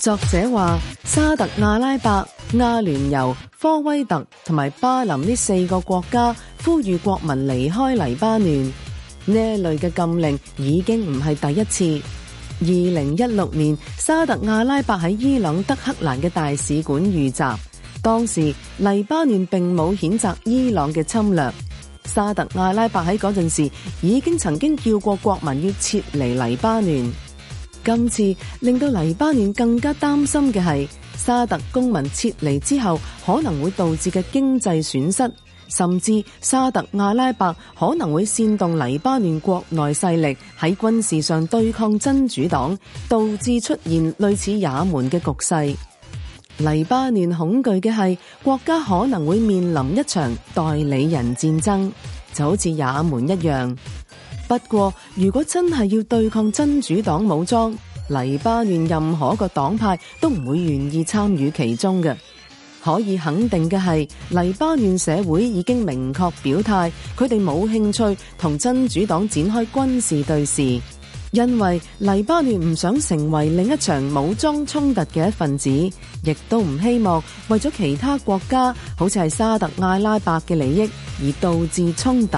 作者話：沙特阿拉伯、阿聯酋、科威特同埋巴林呢四個國家呼籲國民離開黎巴嫩。呢類嘅禁令已經唔係第一次。二零一六年，沙特阿拉伯喺伊朗德黑蘭嘅大使館遇襲，當時黎巴嫩並冇譴責伊朗嘅侵略。沙特阿拉伯喺嗰陣時已經曾經叫過國民要撤離黎巴嫩。今次令到黎巴嫩更加擔心嘅係沙特公民撤離之後可能會導致嘅經濟損失，甚至沙特阿拉伯可能會煽動黎巴嫩國內勢力喺軍事上對抗真主黨，導致出現類似也門嘅局勢。黎巴嫩恐懼嘅係國家可能會面臨一場代理人戰爭，就好似也門一樣。不過，如果真係要對抗真主黨武裝，黎巴嫩任何一個黨派都唔會願意參與其中嘅。可以肯定嘅係，黎巴嫩社會已經明確表態，佢哋冇興趣同真主黨展開軍事對峙，因為黎巴嫩唔想成為另一場武裝衝突嘅一份子，亦都唔希望為咗其他國家，好似係沙特阿拉伯嘅利益而導致衝突。